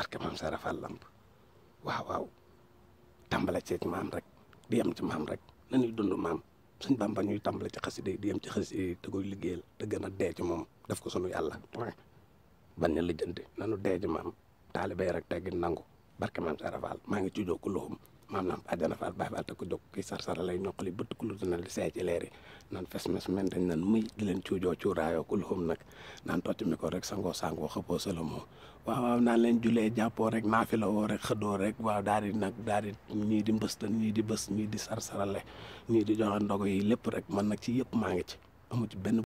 barke maam Sara Fall Lamp waaw waaw tàmbale ci maam rek di yem ci maam rek nañuy dund maam suñ bàmba ñuy tàmbale ci xasida di yem ci xasida te koy liggéeyal te gën a dee moom def ko sunu yàlla point bañ a lijjanti nanu dee maam taalibey rek teggin nangu barke maam Sara Fall maa ngi ci jóg ku loxum maam Lamp àjjana Fall bàyyi Fall te ko jóg kii sarsara lay ñoqali bët ku lu dina li see ci leer nan fes mes men dañ nan muy di leen cuujoo cuuraayoo kul xum nag naan tocc mi ko rek sangoo sangoo xëppoo sëlamoo waaw waaw naan leen julee jàppoo rek naafi la woo rek xëddoo rek waaw daal di nag daal di ñii di mbëstal ñii di bës ñii di sarsarale ñii di joxe ndogo yi lépp rek man nag ci yëpp maa ngi ci amu benn